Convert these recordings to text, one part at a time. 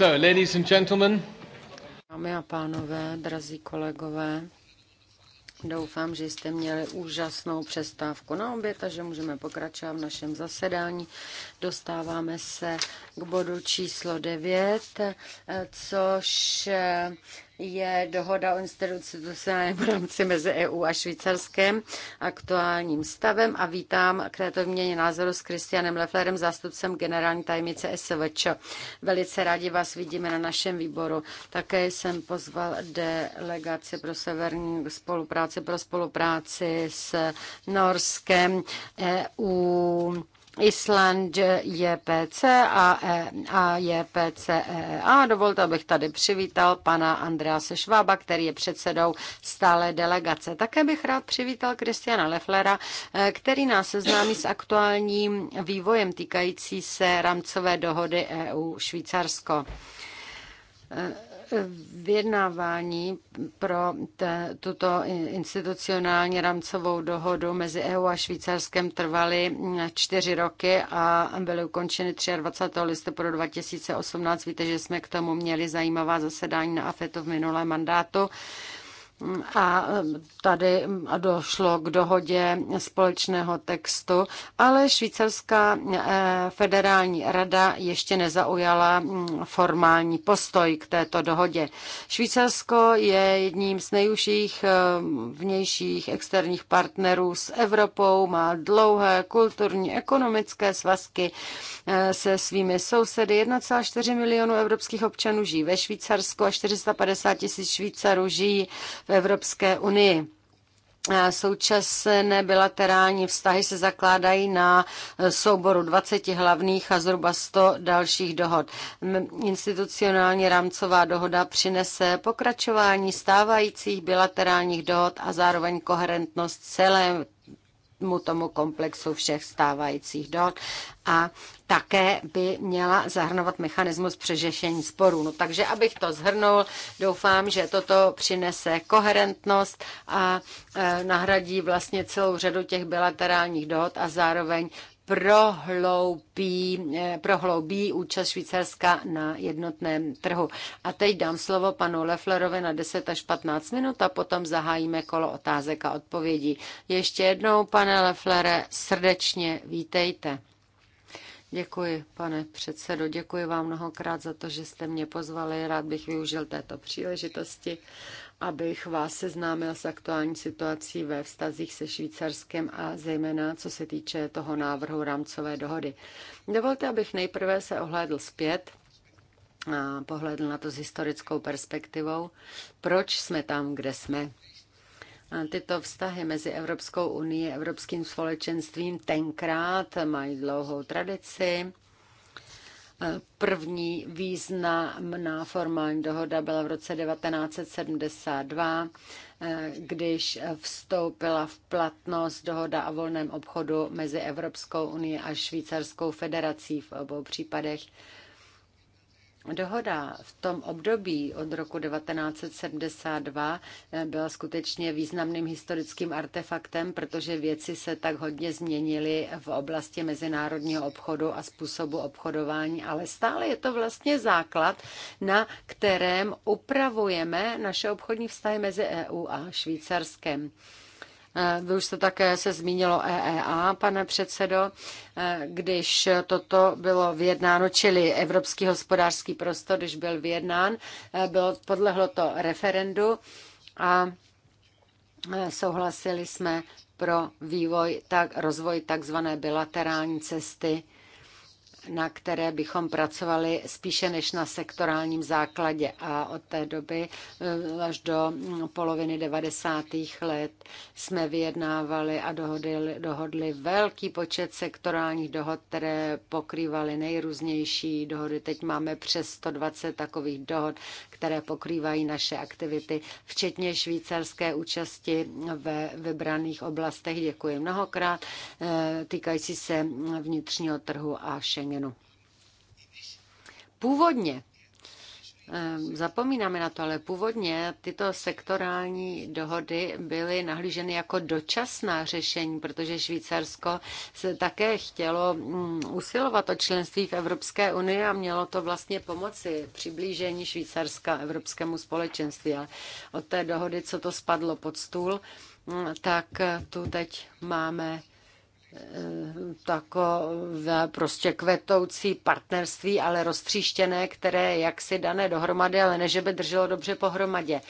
So, ladies and gentlemen. Dámy a pánové, drazí kolegové, doufám, že jste měli úžasnou přestávku na oběd a že můžeme pokračovat v našem zasedání. Dostáváme se k bodu číslo 9, což je dohoda o institucionálním rámci mezi EU a Švýcarskem aktuálním stavem a vítám k této měně názoru s Kristianem Lefflerem zástupcem generální tajemnice SVČ. Velice rádi vás vidíme na našem výboru. Také jsem pozval delegaci pro severní spolupráci, pro spolupráci s Norskem EU Island JPC a, e, a JPC e e A Dovolte, abych tady přivítal pana Andrease Švába, který je předsedou stále delegace. Také bych rád přivítal Kristiana Leflera, e, který nás seznámí s aktuálním vývojem týkající se rámcové dohody EU Švýcarsko. E, vyjednávání pro te, tuto institucionální rámcovou dohodu mezi EU a Švýcarskem trvaly čtyři roky a byly ukončeny 23. listopadu 2018. Víte, že jsme k tomu měli zajímavá zasedání na AFETu v minulém mandátu a tady došlo k dohodě společného textu, ale švýcarská e, federální rada ještě nezaujala formální postoj k této dohodě. Švýcarsko je jedním z nejužších e, vnějších externích partnerů s Evropou, má dlouhé kulturní, ekonomické svazky e, se svými sousedy. 1,4 milionu evropských občanů žijí ve Švýcarsku a 450 tisíc Švýcarů žijí v v Evropské unii. Současné bilaterální vztahy se zakládají na souboru 20 hlavních a zhruba 100 dalších dohod. Institucionální rámcová dohoda přinese pokračování stávajících bilaterálních dohod a zároveň koherentnost celé mu tomu komplexu všech stávajících dohod a také by měla zahrnovat mechanismus přežešení sporů. No, takže abych to zhrnul, doufám, že toto přinese koherentnost a e, nahradí vlastně celou řadu těch bilaterálních dohod a zároveň prohloubí, e, prohloubí účast Švýcarska na jednotném trhu. A teď dám slovo panu Lefflerovi na 10 až 15 minut a potom zahájíme kolo otázek a odpovědí. Ještě jednou, pane Leflere, srdečně vítejte. Děkuji, pane předsedo, děkuji vám mnohokrát za to, že jste mě pozvali. Rád bych využil této příležitosti, abych vás seznámil s aktuální situací ve vztazích se Švýcarskem a zejména co se týče toho návrhu rámcové dohody. Dovolte, abych nejprve se ohlédl zpět a pohledl na to s historickou perspektivou, proč jsme tam, kde jsme. Tyto vztahy mezi Evropskou unii a Evropským společenstvím tenkrát mají dlouhou tradici. První významná formální dohoda byla v roce 1972, když vstoupila v platnost dohoda o volném obchodu mezi Evropskou unii a Švýcarskou federací v obou případech Dohoda v tom období od roku 1972 eh, byla skutečně významným historickým artefaktem, protože věci se tak hodně změnily v oblasti mezinárodního obchodu a způsobu obchodování, ale stále je to vlastně základ, na kterém upravujeme naše obchodní vztahy mezi EU a Švýcarskem. Eh, vy už jste také se zmínilo EEA, pane předsedo, eh, když toto bylo vyjednáno, čili Evropský hospodářský prostor, když byl vyjednán, eh, bylo, podlehlo to referendu a souhlasili jsme pro vývoj, tak, rozvoj takzvané bilaterální cesty na které bychom pracovali spíše než na sektorálním základě. A od té doby eh, až do poloviny 90. let jsme vyjednávali a dohodli, dohodli velký počet sektorálních dohod, které pokrývaly nejrůznější dohody. Teď máme přes 120 takových dohod, které pokrývají naše aktivity, včetně švýcarské účasti ve vybraných oblastech. Děkuji mnohokrát. Eh, týkající se vnitřního trhu a Schengen Schengenu. Původně, eh, zapomínáme na to, ale původně tyto sektorální dohody byly nahlíženy jako dočasná řešení, protože Švýcarsko se také chtělo mm, usilovat o členství v Evropské unii a mělo to vlastně pomoci přiblížení Švýcarska Evropskému společenství. Ale od té dohody, co to spadlo pod stůl, mm, tak tu teď máme takové prostě kvetoucí partnerství, ale roztříštěné, které jaksi dané dohromady, ale ne, že by drželo dobře pohromadě.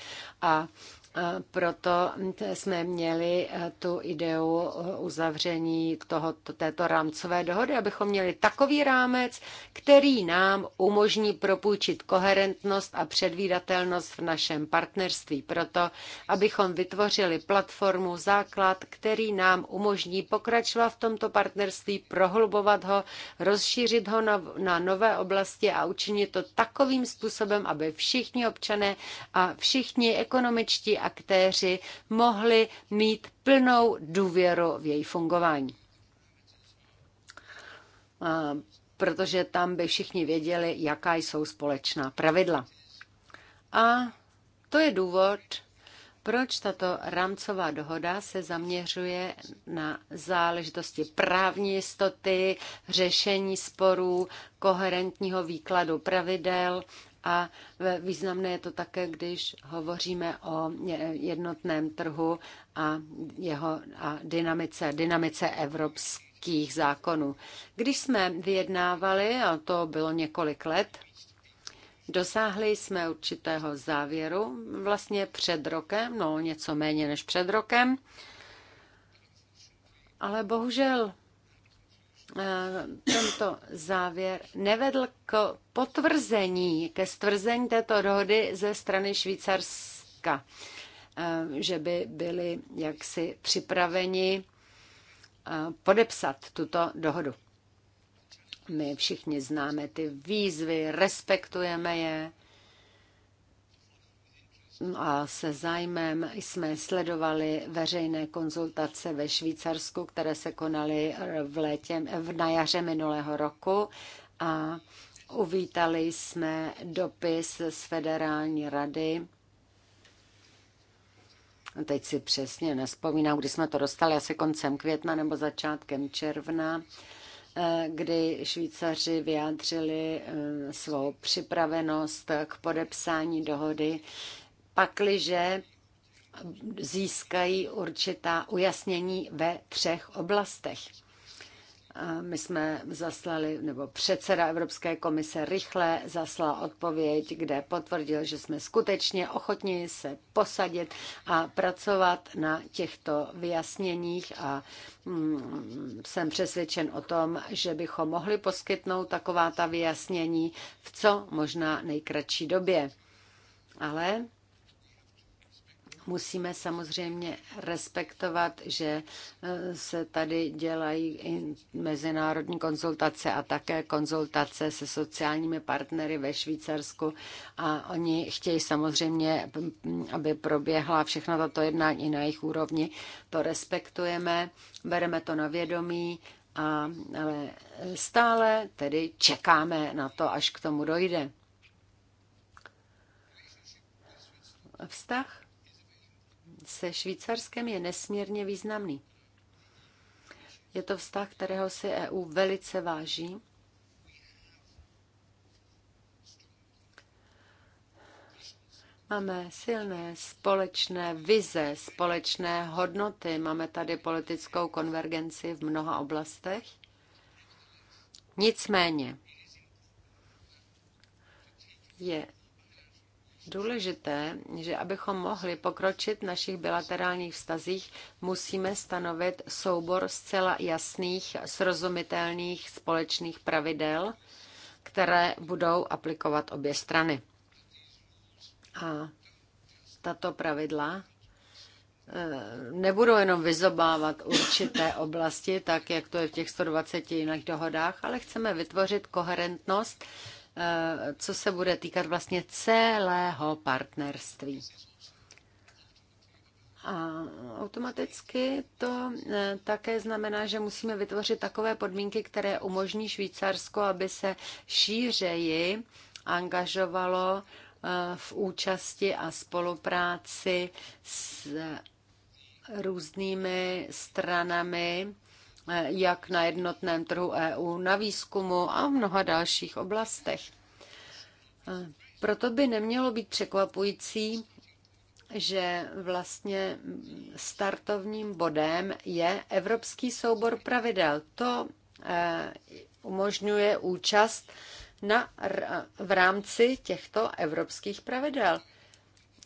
A Eh, proto jsme měli eh, tu ideu eh, uzavření tohoto, této rámcové dohody, abychom měli takový rámec, který nám umožní propůjčit koherentnost a předvídatelnost v našem partnerství. Proto, abychom vytvořili platformu, základ, který nám umožní pokračovat v tomto partnerství, prohlubovat ho, rozšířit ho na, na nové oblasti a učinit to takovým způsobem, aby všichni občané a všichni ekonomičtí aktéři mohli mít plnou důvěru v její fungování. Protože tam by všichni věděli, jaká jsou společná pravidla. A to je důvod, proč tato rámcová dohoda se zaměřuje na záležitosti právní jistoty, řešení sporů, koherentního výkladu pravidel a významné je to také, když hovoříme o jednotném trhu a jeho a dynamice, dynamice evropských zákonů. Když jsme vyjednávali, a to bylo několik let, Dosáhli jsme určitého závěru vlastně před rokem, no něco méně než před rokem, ale bohužel Eh, tento závěr nevedl k potvrzení, ke stvrzení této dohody ze strany Švýcarska, eh, že by byli jaksi připraveni eh, podepsat tuto dohodu. My všichni známe ty výzvy, respektujeme je a se zájmem jsme sledovali veřejné konzultace ve Švýcarsku, které se konaly v létě, na jaře minulého roku a uvítali jsme dopis z Federální rady. Teď si přesně nespomínám, kdy jsme to dostali, asi koncem května nebo začátkem června eh, kdy Švýcaři vyjádřili eh, svou připravenost k podepsání dohody pakliže získají určitá ujasnění ve třech oblastech. My jsme zaslali, nebo předseda Evropské komise rychle zaslal odpověď, kde potvrdil, že jsme skutečně ochotni se posadit a pracovat na těchto vyjasněních a hm, jsem přesvědčen o tom, že bychom mohli poskytnout taková ta vyjasnění v co možná nejkratší době. Ale Musíme samozřejmě respektovat, že eh, se tady dělají i mezinárodní konzultace a také konzultace se sociálními partnery ve Švýcarsku a oni chtějí samozřejmě, aby proběhla všechna tato jednání na jejich úrovni. To respektujeme, bereme to na vědomí, a, ale stále tedy čekáme na to, až k tomu dojde. Vztah se Švýcarskem je nesmírně významný. Je to vztah, kterého si EU velice váží. Máme silné společné vize, společné hodnoty. Máme tady politickou konvergenci v mnoha oblastech. Nicméně je důležité, že abychom mohli pokročit v našich bilaterálních vztazích, musíme stanovit soubor zcela jasných, srozumitelných společných pravidel, které budou aplikovat obě strany. A tato pravidla eh, nebudou jenom vyzobávat určité oblasti, tak jak to je v těch 120 jiných dohodách, ale chceme vytvořit koherentnost co se bude týkat vlastně celého partnerství. A automaticky to eh, také znamená, že musíme vytvořit takové podmínky, které umožní Švýcarsko, aby se šířeji angažovalo eh, v účasti a spolupráci s různými stranami jak na jednotném trhu EU, na výzkumu a v mnoha dalších oblastech. Proto by nemělo být překvapující, že vlastně startovním bodem je Evropský soubor pravidel. To e, umožňuje účast na, v rámci těchto evropských pravidel.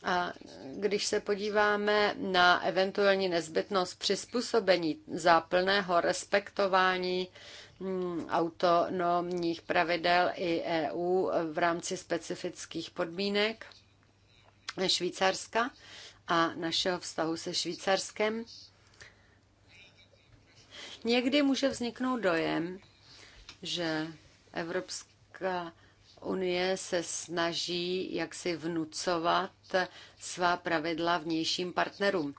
A když se podíváme na eventuální nezbytnost přizpůsobení za plného respektování mm, autonomních pravidel i EU v rámci specifických podmínek Švýcarska a našeho vztahu se Švýcarskem, někdy může vzniknout dojem, že Evropská unie se snaží jaksi vnucovat svá pravidla vnějším partnerům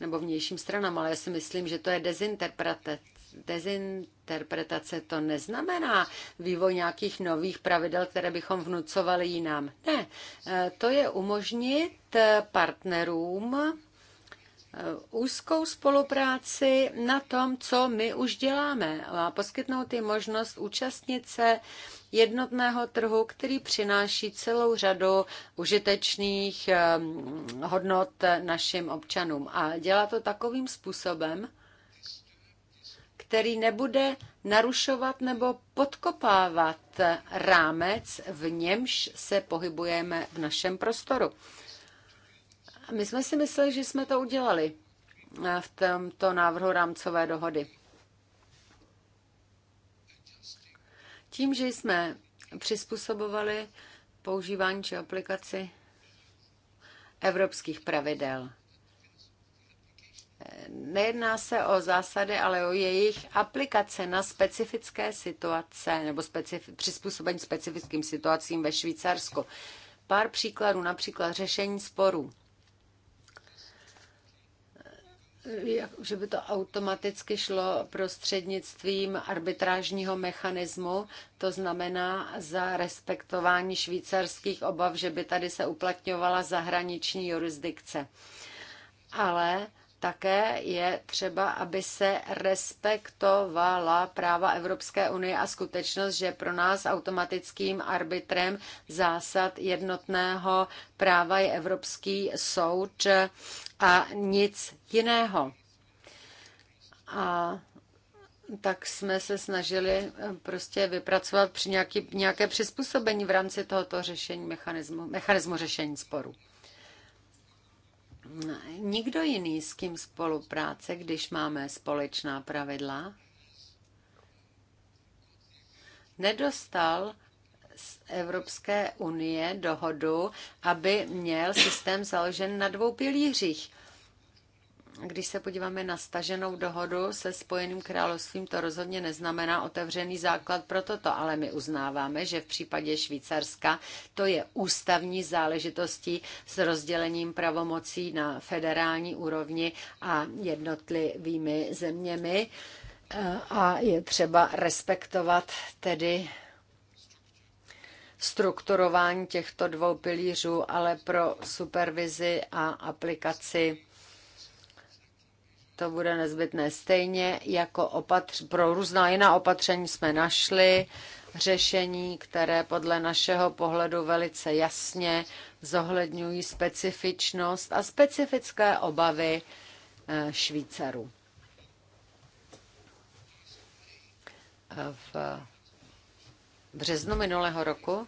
nebo vnějším stranám, ale já si myslím, že to je dezinterpretace dezinterpretace to neznamená vývoj nějakých nových pravidel, které bychom vnucovali jinám. Ne, eh, to je umožnit partnerům Eh, úzkou spolupráci na tom, co my už děláme a poskytnout jim možnost účastnit se jednotného trhu, který přináší celou řadu užitečných eh, hodnot našim občanům. A dělá to takovým způsobem, který nebude narušovat nebo podkopávat rámec, v němž se pohybujeme v našem prostoru. My jsme si mysleli, že jsme to udělali eh, v tomto návrhu rámcové dohody. Tím, že jsme přizpůsobovali používání či aplikaci evropských pravidel. Nejedná se o zásady, ale o jejich aplikace na specifické situace nebo specif- přizpůsobení specifickým situacím ve Švýcarsku. Pár příkladů, například řešení sporů že by to automaticky šlo prostřednictvím arbitrážního mechanismu, to znamená za respektování švýcarských obav, že by tady se uplatňovala zahraniční jurisdikce. Ale také je třeba, aby se respektovala práva Evropské unie a skutečnost, že pro nás automatickým arbitrem zásad jednotného práva je Evropský soud a nic jiného. A tak jsme se snažili eh, prostě vypracovat při nějaký, nějaké přizpůsobení v rámci tohoto řešení mechanismu, mechanismu řešení sporu. Nikdo jiný, s kým spolupráce, když máme společná pravidla, nedostal z Evropské unie dohodu, aby měl systém založen na dvou pilířích. Když se podíváme na staženou dohodu se Spojeným královstvím, to rozhodně neznamená otevřený základ pro toto, ale my uznáváme, že v případě Švýcarska to je ústavní záležitostí s rozdělením pravomocí na federální úrovni a jednotlivými zeměmi a je třeba respektovat tedy strukturování těchto dvou pilířů, ale pro supervizi a aplikaci to bude nezbytné. Stejně jako opatř- pro různá jiná opatření jsme našli řešení, které podle našeho pohledu velice jasně zohledňují specifičnost a specifické obavy eh, Švýcarů. Eh, v březnu minulého roku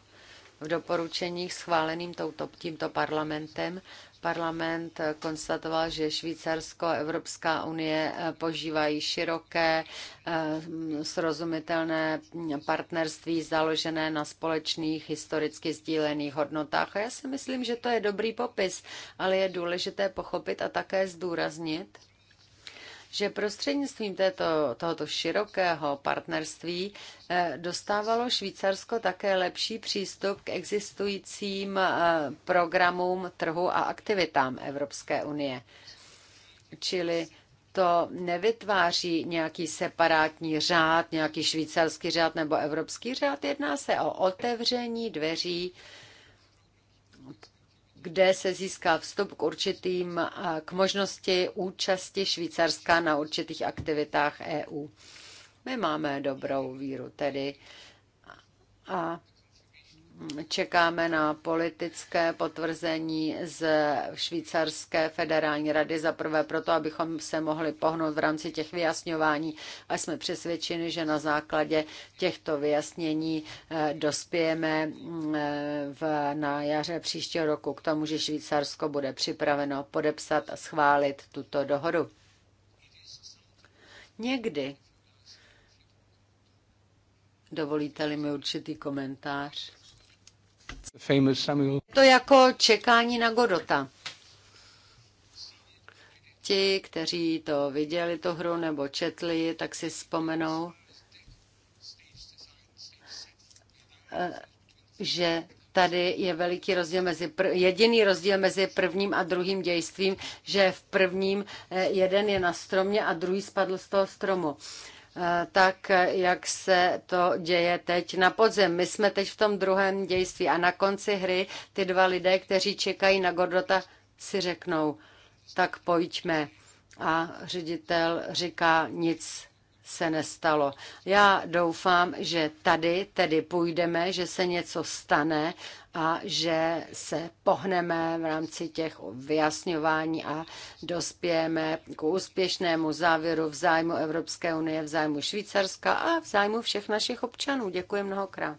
v doporučeních schváleným touto, tímto parlamentem parlament konstatoval, že Švýcarsko a Evropská unie eh, požívají široké, eh, srozumitelné partnerství založené na společných historicky sdílených hodnotách. A já si myslím, že to je dobrý popis, ale je důležité pochopit a také zdůraznit, že prostřednictvím této, tohoto širokého partnerství eh, dostávalo Švýcarsko také lepší přístup k existujícím eh, programům trhu a aktivitám Evropské unie. Čili to nevytváří nějaký separátní řád, nějaký švýcarský řád nebo evropský řád. Jedná se o otevření dveří kde se získá vstup k určitým, k možnosti účasti Švýcarska na určitých aktivitách EU. My máme dobrou víru tedy a čekáme na politické potvrzení z Švýcarské federální rady za prvé proto, abychom se mohli pohnout v rámci těch vyjasňování a jsme přesvědčeni, že na základě těchto vyjasnění eh, dospějeme eh, v, na jaře příštího roku k tomu, že Švýcarsko bude připraveno podepsat a schválit tuto dohodu. Někdy, dovolíte-li mi určitý komentář, to jako čekání na Godota. Ti, kteří to viděli, tu hru, nebo četli, tak si vzpomenou, eh, že tady je veliký rozdíl mezi pr- jediný rozdíl mezi prvním a druhým dějstvím, že v prvním eh, jeden je na stromě a druhý spadl z toho stromu tak, jak se to děje teď na podzem. My jsme teď v tom druhém dějství a na konci hry ty dva lidé, kteří čekají na Gordota, si řeknou, tak pojďme. A ředitel říká nic se nestalo. Já doufám, že tady tedy půjdeme, že se něco stane a že se pohneme v rámci těch vyjasňování a dospějeme k úspěšnému závěru v zájmu Evropské unie, v zájmu Švýcarska a v zájmu všech našich občanů. Děkuji mnohokrát.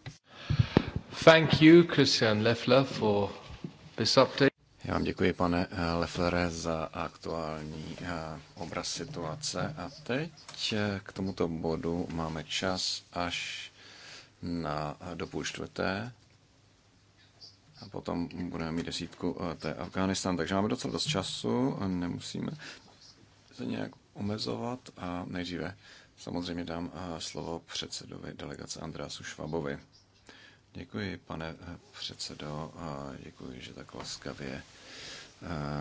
Thank you, Christian Leffler, for this update. Já vám děkuji, pane eh, Leflere, za aktuální eh, obraz situace. A teď eh, k tomuto bodu máme čas až na do půl čtvrté. A potom budeme mít desítku té Afganistán, takže máme docela dost času, nemusíme se nějak omezovat a nejdříve samozřejmě dám slovo předsedovi delegace Andrásu Švabovi. Děkuji, pane eh, předsedo, a děkuji, že tak laskavě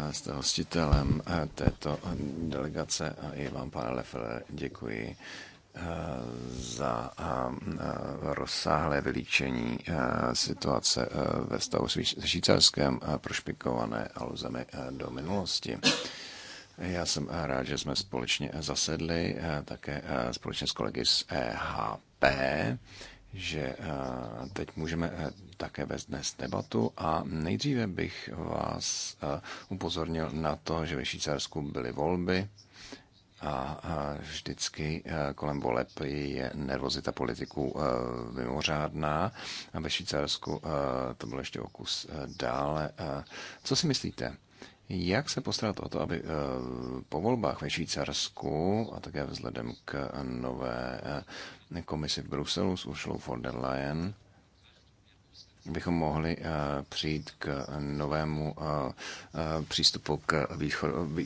eh, jste hostitelem eh, této delegace a i vám, pane Lefele, děkuji za rozsáhlé vylíčení situace ve stavu švýcarském prošpikované aluzemi do minulosti. Já jsem rád, že jsme společně zasedli, také společně s kolegy z EHP že eh, teď můžeme eh, také vést dnes debatu a nejdříve bych vás eh, upozornil na to, že ve Švýcarsku byly volby a vždycky kolem voleb je nervozita politiků mimořádná a ve Švýcarsku to bylo ještě o kus dále. Co si myslíte? Jak se postarat o to, aby po volbách ve Švýcarsku a také vzhledem k nové komisi v Bruselu s Uršlou von der Leyen, bychom mohli eh, přijít k novému eh, eh, přístupu k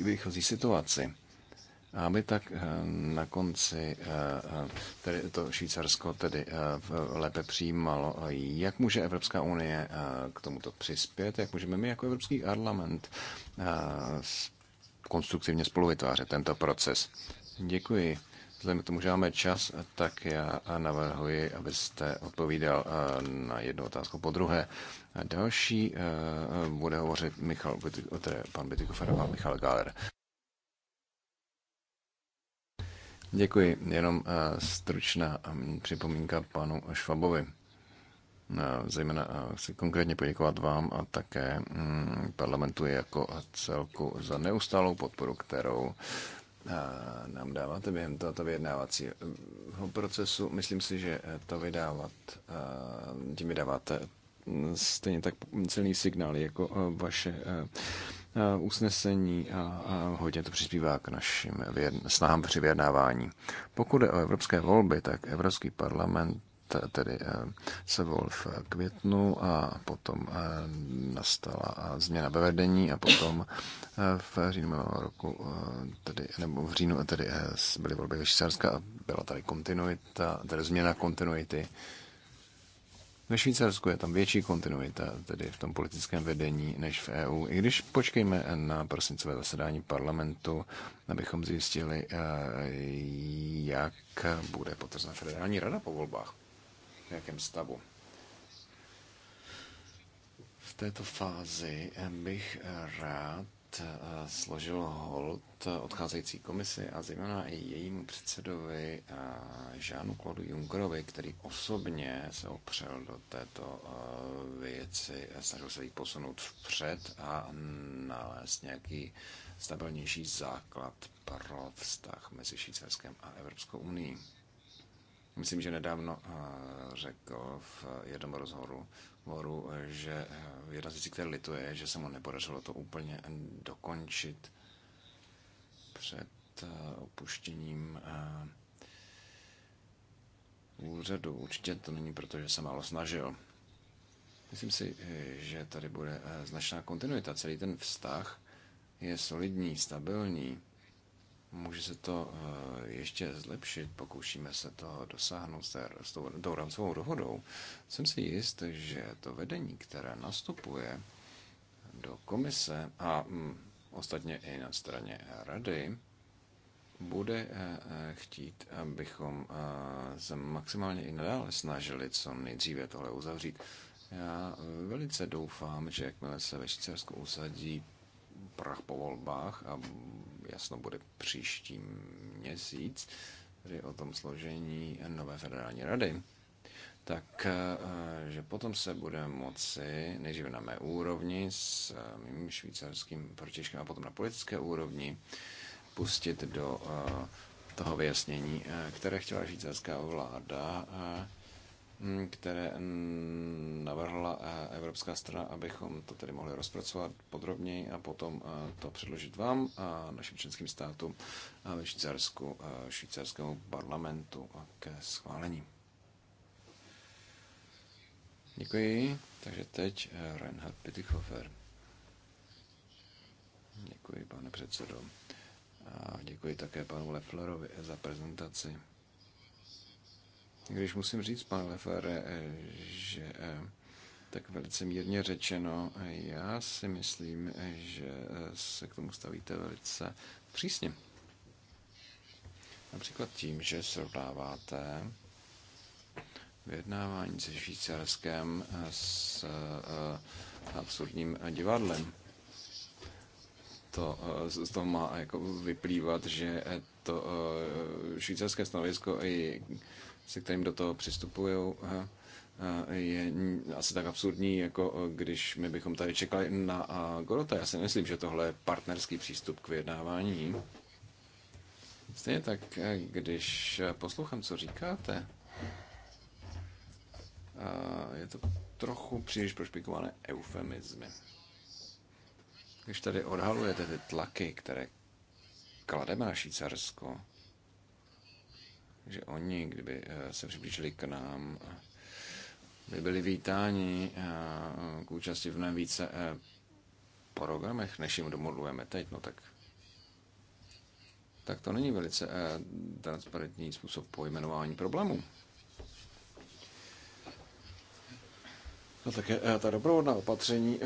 výchozí situaci. Aby tak na konci tedy to Švýcarsko tedy lépe přijímalo, jak může Evropská unie k tomuto přispět, jak můžeme my jako Evropský parlament konstruktivně spoluvytvářet tento proces. Děkuji vzhledem k tomu, že máme čas, tak já navrhuji, abyste odpovídal eh, na jednu otázku po druhé. A další eh, bude hovořit Michal, tedy pan Bitikofer a Michal Galer. Děkuji. Jenom eh, stručná připomínka panu Švabovi. Zejména chci konkrétně poděkovat vám a také mm, parlamentu jako celku za neustálou podporu, kterou nám dáváte během tohoto vyjednávacího procesu. Myslím si, že to vydávat, tím vydáváte stejně tak silný signál jako vaše usnesení a hodně to přispívá k našim snahám při vyjednávání. Pokud je o evropské volby, tak Evropský parlament tedy eh, se vol v květnu a potom eh, nastala eh, změna ve vedení a potom v říjnu roku, tedy, nebo v říjnu tedy byly volby ve Švýcarska a byla tady kontinuita, tedy změna kontinuity. Ve Švýcarsku je tam větší kontinuita, tedy v tom politickém vedení, než v EU. I když počkejme na prosincové zasedání parlamentu, abychom zjistili, jak bude potvrzena federální rada po volbách v jakém stavu. V této fázi bych rád eh, složil hold odcházející komisi a zejména i jejímu předsedovi eh, Žánu Klodu Junkerovi, který osobně se opřel do této eh, věci, snažil se jí posunout vpřed a nalézt nějaký stabilnější základ pro vztah mezi Švýcarskem a Evropskou unii myslím, že nedávno eh, řekl v eh, jednom rozhovoru, horu, eh, že jedna z věcí, které lituje, že se mu nepodařilo to úplně dokončit před opuštěním úřadu. Určitě to není proto, že se málo snažil. Myslím si, že tady bude značná kontinuita. Celý ten vztah je solidní, stabilní Může se to eh, ještě zlepšit, pokoušíme se to dosáhnout s, tou, tou rámcovou dohodou. Jsem si jist, že to vedení, které nastupuje do komise a mm, ostatně i na straně rady, bude eh, eh, chtít, abychom se maximálně i nadále snažili co nejdříve tohle uzavřít. Já velice doufám, že jakmile se ve Švýcarsku usadí prach po volbách a jasno bude příští měsíc, tedy o tom složení nové federální rady, tak eh, že potom se bude moci nejdříve na mé úrovni s eh, mým švýcarským protižkem a potom na politické úrovni pustit do eh, toho vyjasnění, které chtěla švýcarská vláda Hmm, které navrhla eh, Evropská strana, abychom to tedy mohli rozpracovat podrobněji a potom eh, to předložit vám a našim členským státům a ve Švýcarsku, eh, švýcarskému parlamentu ke schválení. Děkuji. Takže teď Reinhard Pitychofer. Děkuji, pane předsedo. A děkuji také panu Lefflerovi za prezentaci. Když musím říct, pane Lefere, eh, že eh, tak velice mírně řečeno, eh, já si myslím, že se k tomu stavíte velice přísně. Například tím, že srovnáváte vyjednávání se Švýcarskem s absurdním divadlem. To z toho má jako vyplývat, že to švýcarské stanovisko i se kterým do toho přistupují, je asi tak absurdní, jako eh, když my bychom tady čekali na Gorota. Já si myslím, že tohle je partnerský přístup k vyjednávání. Stejně tak, eh, když eh, poslouchám, co říkáte, je to trochu příliš prošpikované eufemizmy. Když tady odhalujete ty tlaky, které klademe na Švýcarsko, takže oni, kdyby eh, se přiblížili k nám, eh, by byli vítáni eh, k účasti v mnohem více programech, než jim domluvujeme teď, no tak tak to není velice transparentní způsob pojmenování problémů. No tak je, ta doprovodná opatření,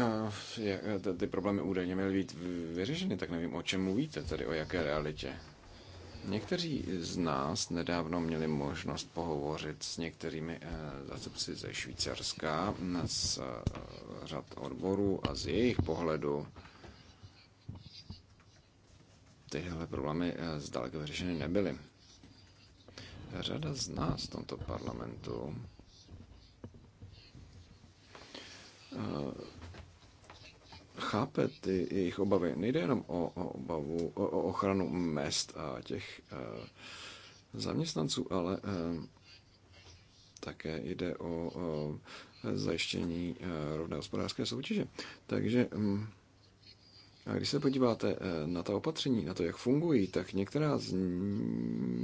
je, ty problémy údajně měly být vyřešeny, tak nevím, o čem mluvíte, tedy o jaké realitě. Někteří z nás nedávno měli možnost pohovořit s některými eh, zástupci ze Švýcarska, mm, z eh, řad odborů a z jejich pohledu tyhle problémy eh, zdaleka vyřešeny nebyly. Řada z nás v tomto parlamentu chápe ty jejich obavy. Nejde jenom o, o obavu, o, o ochranu mest a těch e, zaměstnanců, ale e, také jde o o zajištění e, rovné hospodářské soutěže. Takže m, mm, a když se podíváte na ta opatření, na to, jak fungují, tak některá z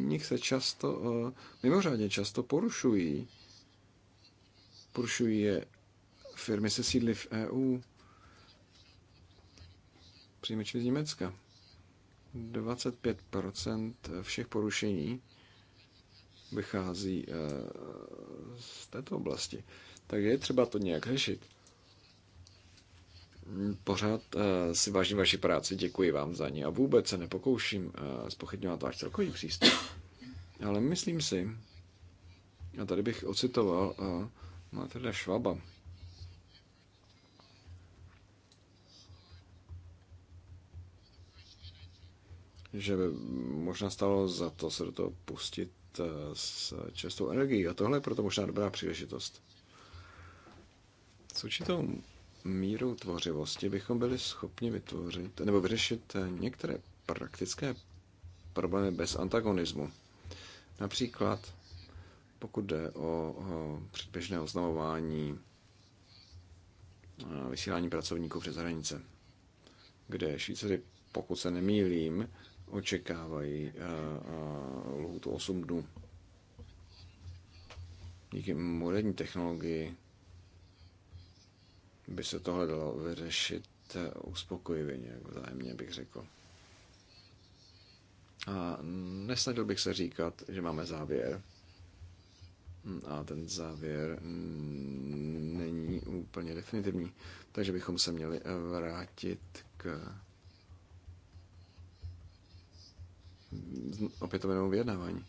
nich se často, mimořádně často porušují. Porušují je firmy se sídly v EU, Příjmeči z Německa. 25% všech porušení vychází eh, z této oblasti. Takže je třeba to nějak řešit. Pořád eh, si vážím vaši práci, děkuji vám za ní a vůbec se nepokouším spochybňovat eh, váš celkový přístup. Ale myslím si, a tady bych ocitoval Matilda Švaba, že by možná stalo za to se do toho pustit eh, s čistou energií. A tohle je proto možná dobrá příležitost. S určitou mírou tvořivosti bychom byli schopni vytvořit nebo vyřešit eh, některé praktické problémy bez antagonismu. Například pokud jde o, o předběžné oznamování eh, vysílání pracovníků přes hranice, kde Švýcary, pokud se nemýlím, očekávají eh, eh, lhůtu 8 dnů. Díky moderní technologii by se tohle dalo vyřešit eh, uspokojivě, nějak vzájemně bych řekl. A nesnažil bych se říkat, že máme závěr. A ten závěr mm, není úplně definitivní. Takže bychom se měli vrátit k opětovnému vyjednávání.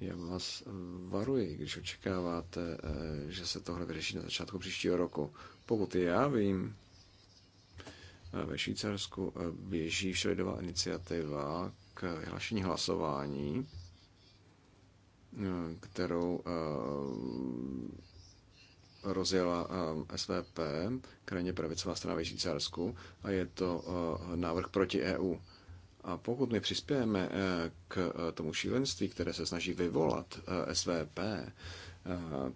Já vás varuji, když očekáváte, eh, že se tohle vyřeší na začátku příštího roku. Pokud já vím, eh, ve Švýcarsku eh, běží všelidová iniciativa k vyhlášení hlasování, kterou rozjela SVP, krajně pravicová strana ve Švýcarsku, a je to návrh proti EU. A pokud my přispějeme eh, k eh, tomu šílenství, které se snaží vyvolat eh, SVP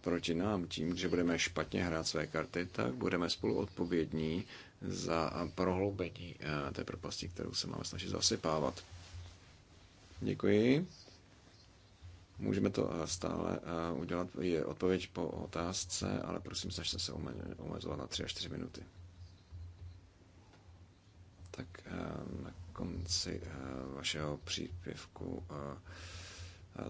proti nám tím, že budeme špatně hrát své karty, tak budeme spolu odpovědní za prohloubení té propasti, kterou se máme snažit zasypávat. Děkuji. Můžeme to stále udělat, je odpověď po otázce, ale prosím, snažte se omezovat na 3 až 4 minuty tak eh, na konci eh, vašeho příspěvku eh,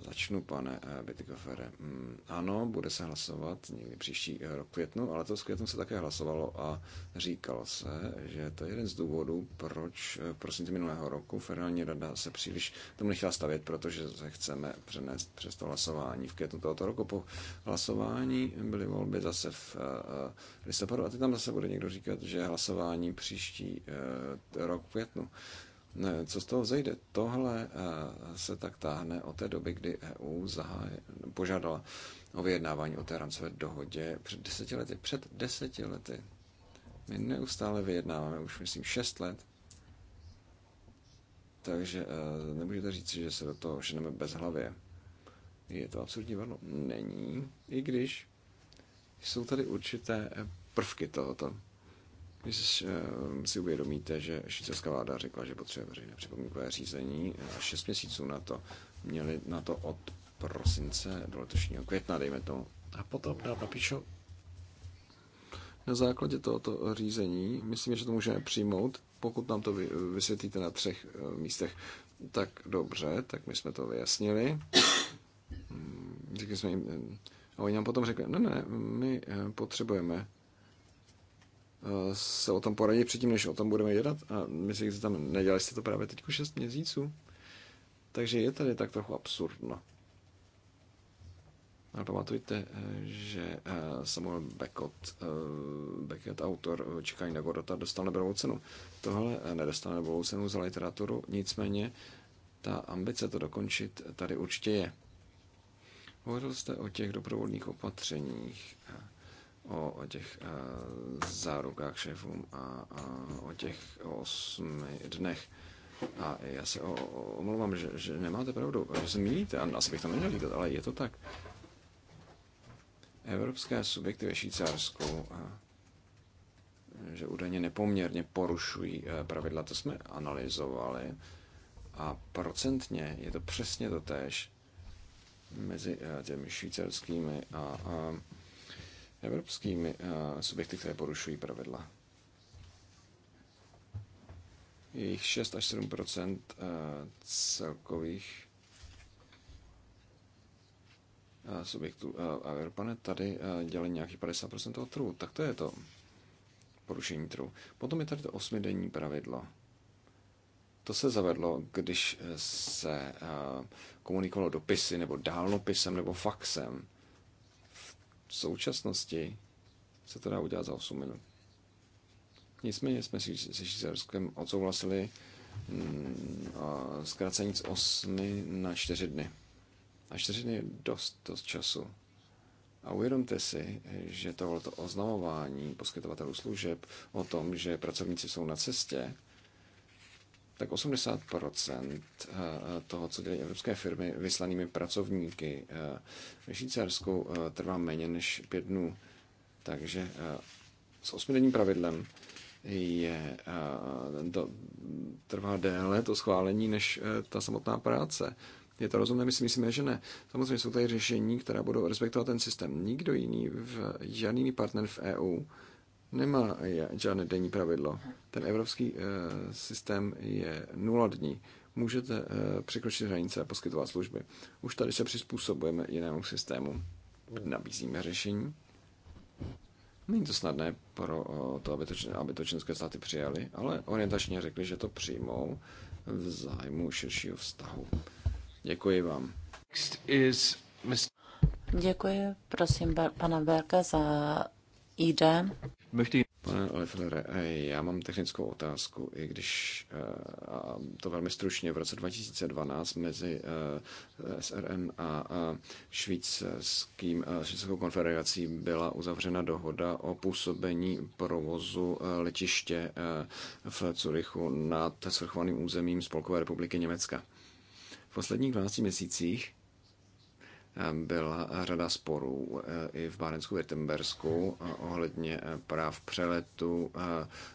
Začnu, pane eh, Bitikofere. Mm, ano, bude se hlasovat někdy příští eh, rok květnu, ale to v květnu se také hlasovalo a říkalo se, že to je jeden z důvodů, proč eh, v prosinci minulého roku federální rada se příliš tomu nechtěla stavět, protože se chceme přenést přes to hlasování. V květnu tohoto roku po hlasování byly volby zase v listopadu a teď tam zase bude někdo říkat, že hlasování příští rok květnu co z toho vzejde? Tohle eh, se tak táhne od té doby, kdy EU zahaj, požádala o vyjednávání o té rámcové dohodě před deseti lety. Před deseti lety. My neustále vyjednáváme, už myslím šest let. Takže eh, nemůžete říct, že se do toho ženeme bez hlavě. Je to absolutní vadlo? Není. I když jsou tady určité prvky tohoto. Když ehm, si uvědomíte, že švýcarská vláda řekla, že potřebuje veřejné připomínkové řízení, eh, a šest měsíců na to měli na to od prosince do letošního května, dejme tomu. A potom nám napíšou na základě tohoto řízení, myslím, že to můžeme přijmout, pokud nám to vysvětlíte na třech eh, místech, tak dobře, tak my jsme to vyjasnili. Hmm, řekli jsme jim, eh, a oni nám potom řekli, ne, ne, my potřebujeme se o tom poradit předtím, než o tom budeme jednat. A myslím, že tam nedělali jste to právě teď 6 měsíců. Takže je tady tak trochu absurdno. Ale pamatujte, eh, že eh, Samuel Beckett, eh, Beckett autor Čekání na Godota, dostal Nobelovu cenu. Tohle nedostal Nobelovu cenu za literaturu, nicméně ta ambice to dokončit tady určitě je. Hovořil jste o těch doprovodných opatřeních o těch eh, zárukách šéfům a o těch osmi dnech. A já se omlouvám, že, že nemáte pravdu, že se míníte, a asi bych to neměl říkat, ale je to tak. Evropské subjekty ve Švýcarsku, eh, že údajně nepoměrně porušují eh, pravidla, to jsme analyzovali, a procentně je to přesně to tež mezi těmi švýcarskými a, a evropskými eh, subjekty, které porušují pravidla. Jejich 6 až 7 eh, celkových eh, subjektů a Evropané tady dělají nějaký 50 toho trhu. Tak to je to porušení trhu. Potom je tady to osmidenní pravidlo. To se zavedlo, když se komunikovalo dopisy nebo dálnopisem nebo faxem v současnosti se to dá udělat za 8 minut. Nicméně jsme si se Švýcarskem odsouhlasili mm, zkrácení z 8 na 4 dny. A 4 dny je dost, dost času. A uvědomte si, že tohleto oznamování poskytovatelů služeb o tom, že pracovníci jsou na cestě, tak 80% eh, toho, co dělají evropské firmy vyslanými pracovníky eh, ve Švýcarsku, eh, trvá méně než pět dnů. Takže s osmidenním pravidlem je, to trvá déle to schválení než ta samotná práce. Je to rozumné? My si myslíme, že ne. Samozřejmě jsou tady řešení, která budou respektovat ten systém. Nikdo jiný, v, žádný partner v EU nemá žádné denní pravidlo. Ten evropský eh, systém je nula dní. Můžete eh, překročit hranice a poskytovat služby. Už tady se přizpůsobujeme jinému systému. Nabízíme řešení. Není to snadné pro eh, to, aby to, aby to členské státy přijali, ale orientačně řekli, že to přijmou v zájmu širšího vztahu. Děkuji vám. Děkuji, prosím, pana Berka za ID. Pane Leflere, eh, já mám technickou otázku, i když eh, a to velmi stručně. V roce 2012 mezi eh, SRN a švýcarským, švýcarskou konfederací byla uzavřena dohoda o působení provozu letiště v Curychu nad svrchovaným územím Spolkové republiky Německa. V posledních 12 měsících byla řada sporů eh, i v Bárensku Větembersku eh, ohledně eh, práv přeletu,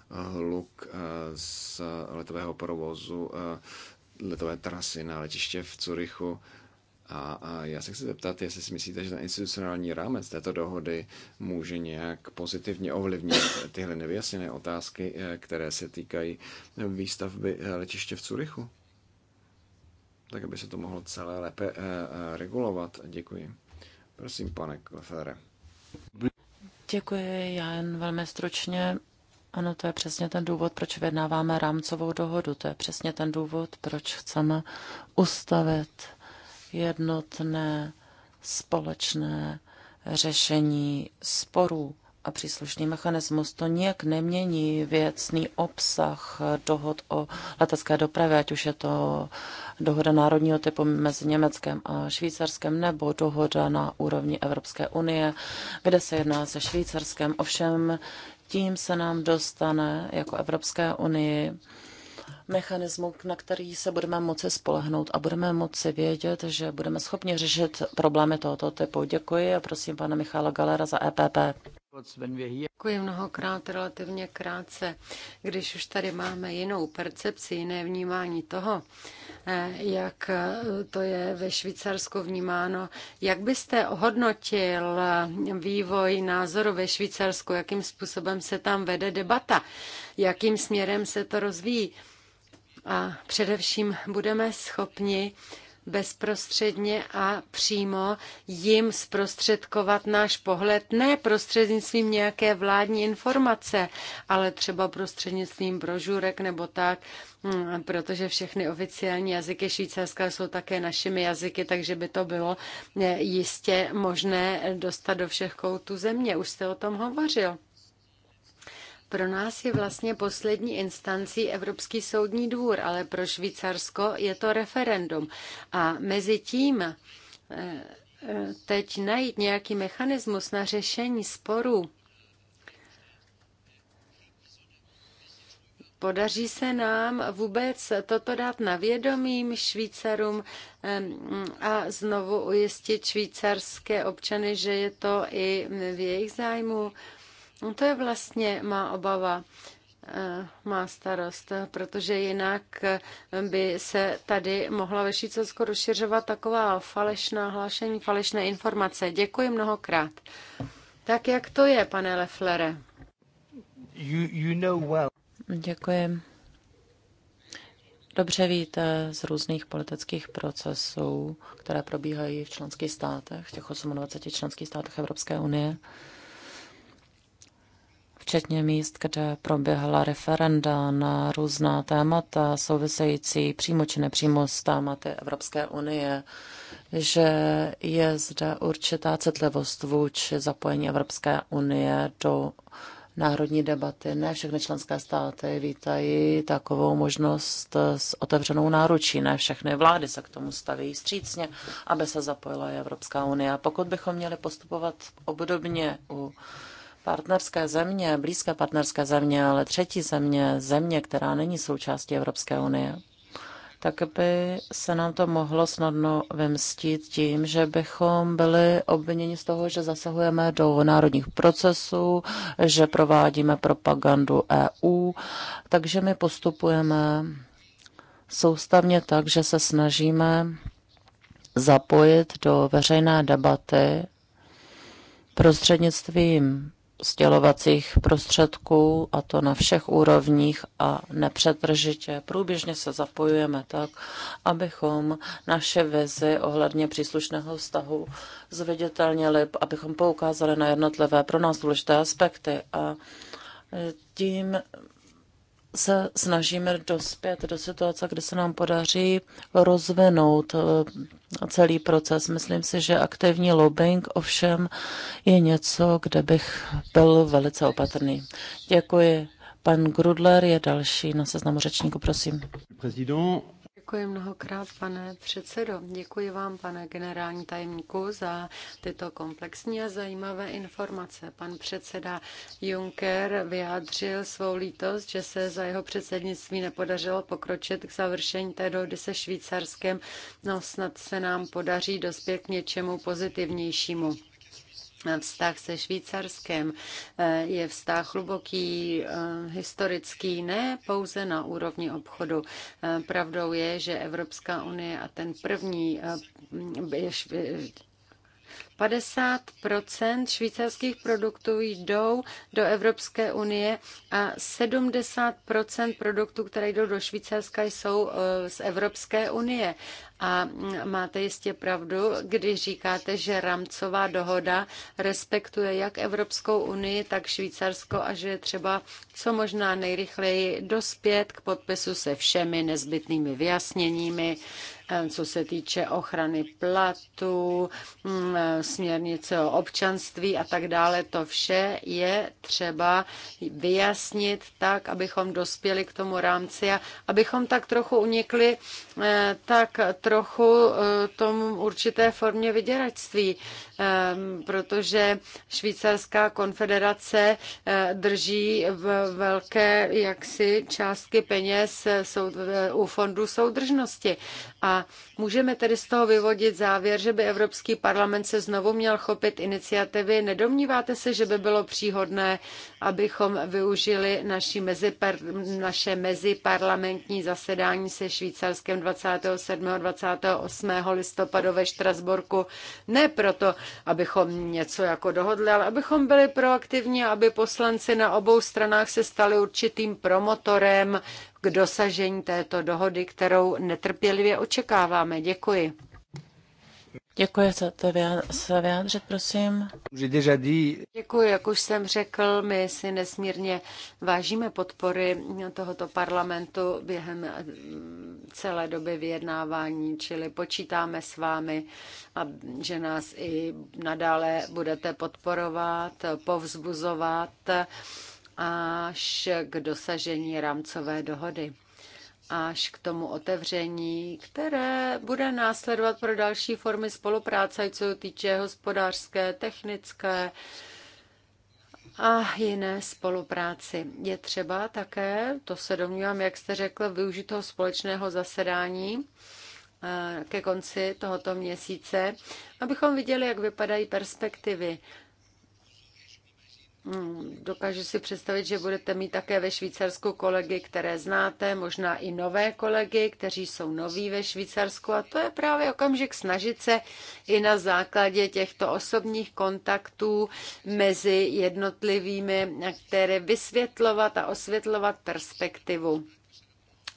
hluk z letového provozu, letové trasy na letiště v Curychu. A já se chci zeptat, jestli si myslíte, že ten institucionální rámec této dohody může nějak pozitivně ovlivnit tyhle nevyjasněné otázky, které se týkají výstavby letiště v Curychu? tak aby se to mohlo celé lépe eh, eh, regulovat. Děkuji. Prosím, pane Klefere. Děkuji, já jen velmi stručně. Ano, to je přesně ten důvod, proč vyjednáváme rámcovou dohodu. To je přesně ten důvod, proč chceme ustavit jednotné společné řešení sporů a příslušný mechanismus. To nijak nemění věcný obsah dohod o letecké dopravě, ať už je to dohoda národního typu mezi Německem a Švýcarskem nebo dohoda na úrovni Evropské unie, kde se jedná se Švýcarskem. Ovšem tím se nám dostane jako Evropské unii mechanismu, na který se budeme moci spolehnout a budeme moci vědět, že budeme schopni řešit problémy tohoto typu. Děkuji a prosím pana Michála Galera za EPP. Děkuji mnohokrát, relativně krátce. Když už tady máme jinou percepci, jiné vnímání toho, eh, jak eh, to je ve Švýcarsku vnímáno, jak byste ohodnotil eh, vývoj názoru ve Švýcarsku, jakým způsobem se tam vede debata, jakým směrem se to rozvíjí? A především budeme schopni bezprostředně a přímo jim zprostředkovat náš pohled, ne prostřednictvím nějaké vládní informace, ale třeba prostřednictvím brožurek nebo tak, mm, protože všechny oficiální jazyky švýcarské jsou také našimi jazyky, takže by to bylo eh, jistě možné dostat do všech koutů země. Už jste o tom hovořil. Pro nás je vlastně poslední instancí Evropský soudní dvůr, ale pro Švýcarsko je to referendum. A mezi tím eh, eh, teď najít nějaký mechanismus na řešení sporů, Podaří se nám vůbec toto dát na vědomím Švýcarům a znovu ujistit švýcarské občany, že je to i v jejich zájmu? No to je vlastně má obava, eh, má starost, protože jinak by se tady mohla ve Švýcarsku rozšiřovat taková falešná hlášení, falešné informace. Děkuji mnohokrát. Tak jak to je, pane Leflere? You, you know well. Děkuji. Dobře víte z různých politických procesů, které probíhají v členských státech, v těch 28 členských státech Evropské unie, včetně míst, kde proběhla referenda na různá témata související přímo či nepřímo s tématy Evropské unie, že je zde určitá citlivost vůči zapojení Evropské unie do národní debaty. Ne všechny členské státy vítají takovou možnost s otevřenou náručí. Ne všechny vlády se k tomu staví střícně, aby se zapojila Evropská unie. Pokud bychom měli postupovat obdobně u partnerské země, blízké partnerské země, ale třetí země, země, která není součástí Evropské unie, tak by se nám to mohlo snadno vymstit tím, že bychom byli obviněni z toho, že zasahujeme do národních procesů, že provádíme propagandu EU, takže my postupujeme soustavně tak, že se snažíme zapojit do veřejné debaty prostřednictvím sdělovacích prostředků, a to na všech úrovních a nepřetržitě. Průběžně se zapojujeme tak, abychom naše vizi ohledně příslušného vztahu zviditelnili, abychom poukázali na jednotlivé pro nás důležité aspekty. A tím se snažíme dospět do situace, kde se nám podaří rozvinout eh, celý proces. Myslím si, že aktivní lobbying ovšem je něco, kde bych byl velice opatrný. Děkuji. Pan Grudler je další na seznamu řečníku, prosím. Prezident. Děkuji mnohokrát, pane předsedo. Děkuji vám, pane generální tajemníku, za tyto komplexní a zajímavé informace. Pan předseda Juncker vyjádřil svou lítost, že se za jeho předsednictví nepodařilo pokročit k završení té dohody se Švýcarskem. No snad se nám podaří dospět k něčemu pozitivnějšímu. Vztah se Švýcarskem eh, je vztah hluboký, eh, historický, ne pouze na úrovni obchodu. Eh, pravdou je, že Evropská unie a ten první 50 švýcarských produktů jdou do Evropské unie a 70 produktů, které jdou do Švýcarska, jsou e, z Evropské unie. A máte jistě pravdu, když říkáte, že rámcová dohoda respektuje jak Evropskou unii, tak Švýcarsko a že je třeba co možná nejrychleji dospět k podpisu se všemi nezbytnými vyjasněními, co se týče ochrany platu, mm, směrnice o občanství a tak dále. To vše je třeba vyjasnit tak, abychom dospěli k tomu rámci a abychom tak trochu unikli eh, tak trochu eh, tomu určité formě vyděračství. Ehm, protože Švýcarská konfederace eh, drží v velké jaksi částky peněz eh, eh, u fondu soudržnosti. A můžeme tedy z toho vyvodit závěr, že by Evropský parlament se znovu měl chopit iniciativy. Nedomníváte se, že by bylo příhodné, abychom využili naši mezi naše meziparlamentní zasedání se Švýcarskem 27. 28. listopadu ve Štrasburku? Ne proto, abychom něco jako dohodli, ale abychom byli proaktivní, aby poslanci na obou stranách se stali určitým promotorem k dosažení této dohody, kterou netrpělivě očekáváme. Děkuji. Děkuji, za to se vyjádřit, prosím. Děkuji, jak už jsem řekl, my si nesmírně vážíme podpory tohoto parlamentu během mm, celé doby vyjednávání, čili počítáme s vámi, a že nás i nadále budete podporovat, povzbuzovat až k dosažení rámcové dohody až k tomu otevření, které bude následovat pro další formy spolupráce, co se týče hospodářské, technické a jiné spolupráci. Je třeba také, to se domnívám, jak jste řekl, využít toho společného zasedání eh, ke konci tohoto měsíce, abychom viděli, jak vypadají perspektivy Mm, dokážu si představit, že budete mít také ve Švýcarsku kolegy, které znáte, možná i nové kolegy, kteří jsou noví ve Švýcarsku a to je právě okamžik snažit se i na základě těchto osobních kontaktů mezi jednotlivými, které vysvětlovat a osvětlovat perspektivu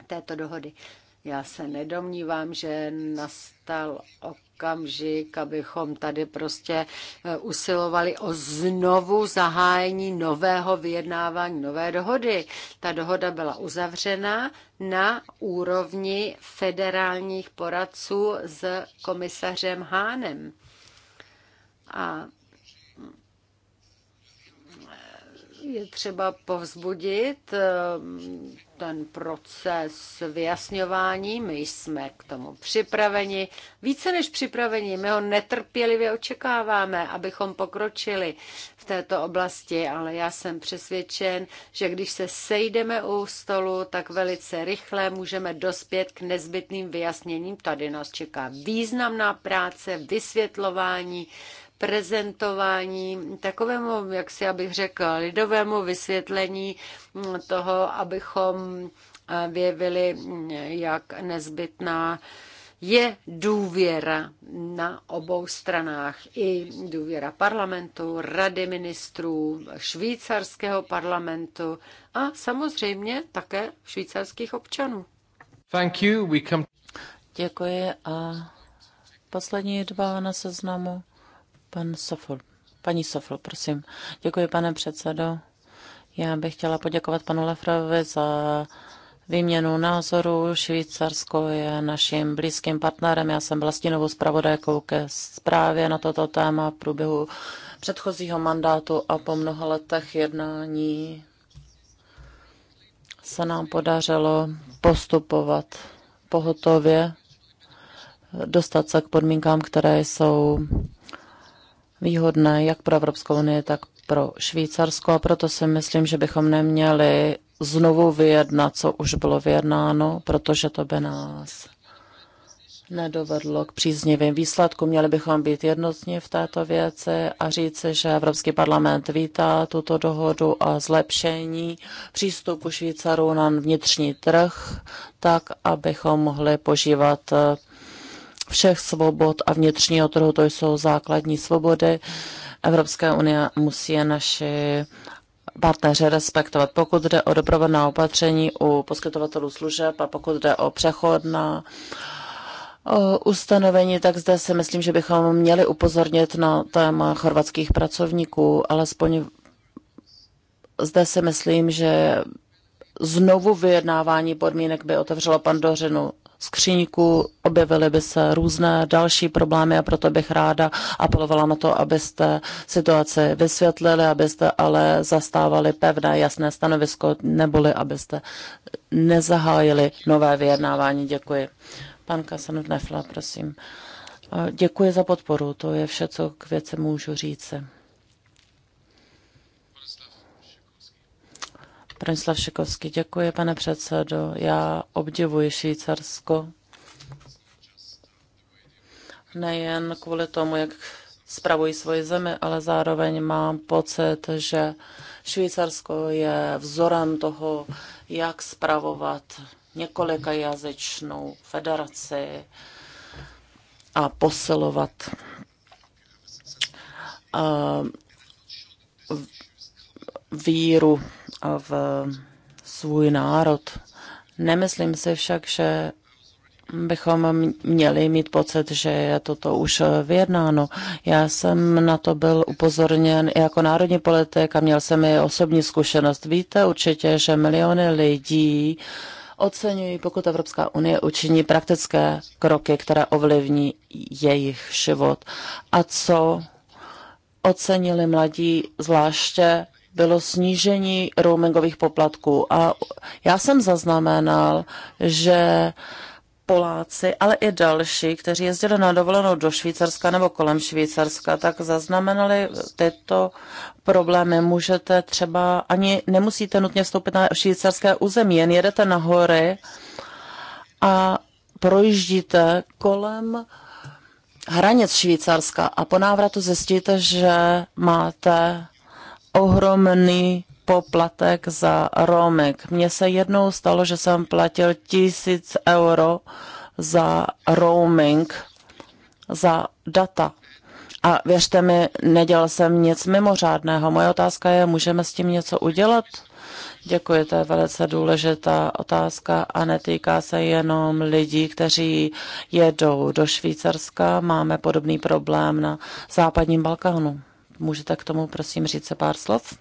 této dohody. Já se nedomnívám, že nastal okamžik, abychom tady prostě eh, usilovali o znovu zahájení nového vyjednávání, nové dohody. Ta dohoda byla uzavřena na úrovni federálních poradců s komisařem Hánem. A eh, je třeba povzbudit eh, ten proces vyjasňování. My jsme k tomu připraveni, více než připraveni. My ho netrpělivě očekáváme, abychom pokročili v této oblasti, ale já jsem přesvědčen, že když se sejdeme u stolu, tak velice rychle můžeme dospět k nezbytným vyjasněním. Tady nás čeká významná práce, vysvětlování, prezentování, takovému, jak si abych řekl, lidovému vysvětlení toho, abychom eh, vyjevili, jak nezbytná je důvěra na obou stranách. I důvěra parlamentu, rady ministrů, švýcarského parlamentu a samozřejmě také švýcarských občanů. Thank you. We come... Děkuji a poslední dva na seznamu. Pan Sofol. Paní Sofl, prosím. Děkuji, pane předsedo. Já bych chtěla poděkovat panu Lefrovi za výměnu názorů. Švýcarsko je naším blízkým partnerem. Já jsem byla stínovou zpravodajkou ke zprávě na toto téma v průběhu předchozího mandátu a po mnoha letech jednání se nám podařilo postupovat pohotově, dostat se k podmínkám, které jsou výhodné jak pro Evropskou unii, tak pro Švýcarsko a proto si myslím, že bychom neměli znovu vyjednat, co už bylo vyjednáno, protože to by nás nedovedlo k příznivým výsledkům. Měli bychom být jednotní v této věci a říci, že Evropský parlament vítá tuto dohodu a zlepšení přístupu Švýcarů na vnitřní trh, tak abychom mohli požívat všech svobod a vnitřního trhu, to jsou základní svobody. Evropská unie musí je naši partneři respektovat. Pokud jde o doprovodná opatření u poskytovatelů služeb a pokud jde o přechod na ustanovení, tak zde si myslím, že bychom měli upozornit na téma chorvatských pracovníků, alespoň zde si myslím, že znovu vyjednávání podmínek by otevřelo pandořinu skříňku, objevily by se různé další problémy a proto bych ráda apelovala na to, abyste situaci vysvětlili, abyste ale zastávali pevné, jasné stanovisko, neboli abyste nezahájili nové vyjednávání. Děkuji. Pan Kasan Nefla, prosím. Děkuji za podporu, to je vše, co k věci můžu říci. Branislav Šikovský, děkuji, pane předsedo. Já obdivuji Švýcarsko. Nejen kvůli tomu, jak spravují svoji zemi, ale zároveň mám pocit, že Švýcarsko je vzorem toho, jak spravovat několika jazyčnou federaci a posilovat eh, víru v svůj národ. Nemyslím si však, že bychom měli mít pocit, že je toto už vyjednáno. Já jsem na to byl upozorněn i jako národní politik a měl jsem i osobní zkušenost. Víte určitě, že miliony lidí oceňují, pokud Evropská unie učiní praktické kroky, které ovlivní jejich život. A co ocenili mladí, zvláště bylo snížení roamingových poplatků. A já jsem zaznamenal, že Poláci, ale i další, kteří jezdili na dovolenou do Švýcarska nebo kolem Švýcarska, tak zaznamenali tyto problémy. Můžete třeba, ani nemusíte nutně vstoupit na švýcarské území, jen jedete na hory a projíždíte kolem hranic Švýcarska a po návratu zjistíte, že máte ohromný poplatek za roaming. Mně se jednou stalo, že jsem platil tisíc euro za roaming, za data. A věřte mi, nedělal jsem nic mimořádného. Moje otázka je, můžeme s tím něco udělat? Děkuji, to je velice důležitá otázka a netýká se jenom lidí, kteří jedou do Švýcarska. Máme podobný problém na západním Balkánu. Můžete k tomu prosím říct se pár slov?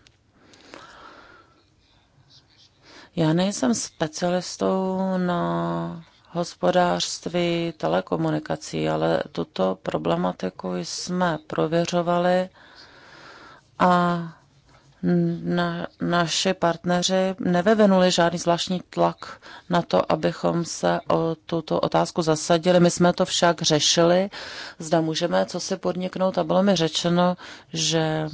Já nejsem specialistou na hospodářství telekomunikací, ale tuto problematiku jsme prověřovali a na, naši partneři nevevenuli žádný zvláštní tlak na to, abychom se o tuto otázku zasadili. My jsme to však řešili, zda můžeme co si podniknout a bylo mi řečeno, že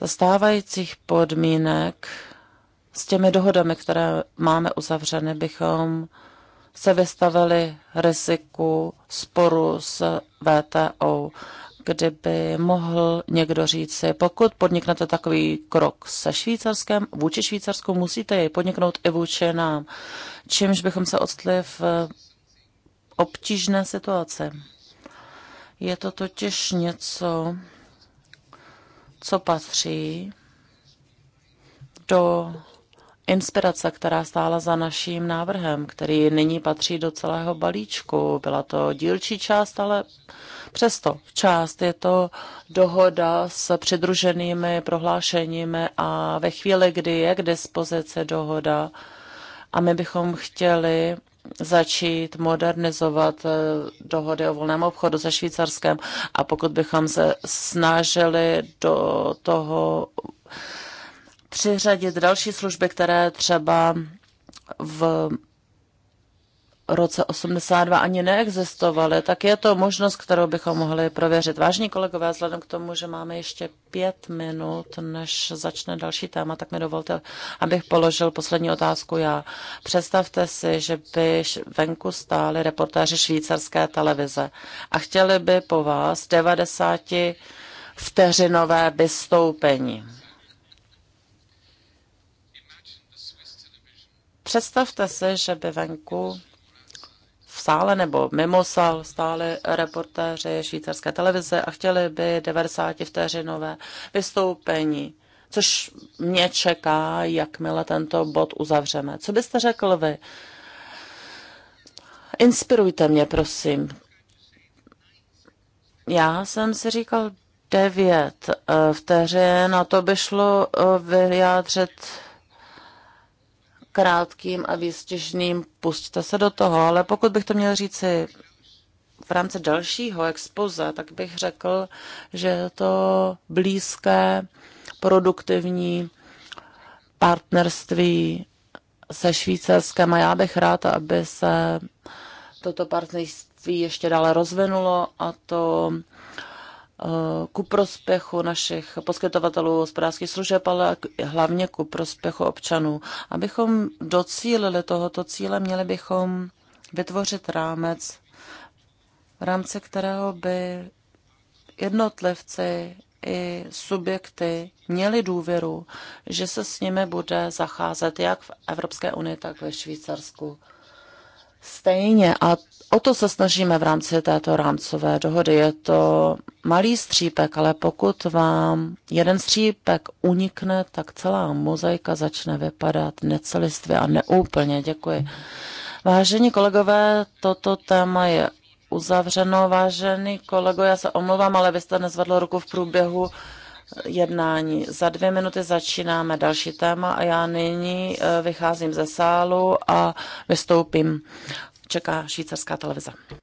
za stávajících podmínek s těmi dohodami, které máme uzavřeny, bychom se vystavili riziku sporu s VTO kdyby mohl někdo říct si, pokud podniknete takový krok se Švýcarskem, vůči Švýcarsku musíte jej podniknout i vůči nám, čímž bychom se odstli v eh, obtížné situaci. Je to totiž něco, co patří do inspirace, která stála za naším návrhem, který nyní patří do celého balíčku. Byla to dílčí část, ale přesto část je to dohoda s přidruženými prohlášeními a ve chvíli, kdy je k dispozici dohoda a my bychom chtěli začít modernizovat eh, dohody o volném obchodu se Švýcarskem a pokud bychom se snažili do toho přiřadit další služby, které třeba v roce 82 ani neexistovaly, tak je to možnost, kterou bychom mohli prověřit. Vážní kolegové, vzhledem k tomu, že máme ještě pět minut, než začne další téma, tak mi dovolte, abych položil poslední otázku já. Představte si, že by venku stáli reportéři švýcarské televize a chtěli by po vás 90 vteřinové vystoupení Představte si, že by venku v sále nebo mimo sál stáli reportéři švýcarské televize a chtěli by 90 vteřinové vystoupení, což mě čeká, jakmile tento bod uzavřeme. Co byste řekl vy? Inspirujte mě, prosím. Já jsem si říkal devět eh, vteřin a to by šlo eh, vyjádřit krátkým a výstěžným, pusťte se do toho, ale pokud bych to měl říci v rámci dalšího expoze, tak bych řekl, že je to blízké, produktivní partnerství se Švýcarskem a já bych rád, aby se toto partnerství ještě dále rozvinulo a to ku prospěchu našich poskytovatelů hospodářských služeb, ale hlavně ku prospěchu občanů. Abychom docílili tohoto cíle, měli bychom vytvořit rámec, v rámci kterého by jednotlivci i subjekty měli důvěru, že se s nimi bude zacházet jak v Evropské unii, tak ve Švýcarsku stejně a o to se snažíme v rámci této rámcové dohody. Je to malý střípek, ale pokud vám jeden střípek unikne, tak celá mozaika začne vypadat necelistvě a neúplně. Děkuji. Vážení kolegové, toto téma je uzavřeno. Vážený kolego, já se omlouvám, ale vy jste nezvedl ruku v průběhu jednání. Za dvě minuty začínáme další téma a já nyní eh, vycházím ze sálu a vystoupím. Čeká švýcarská televize.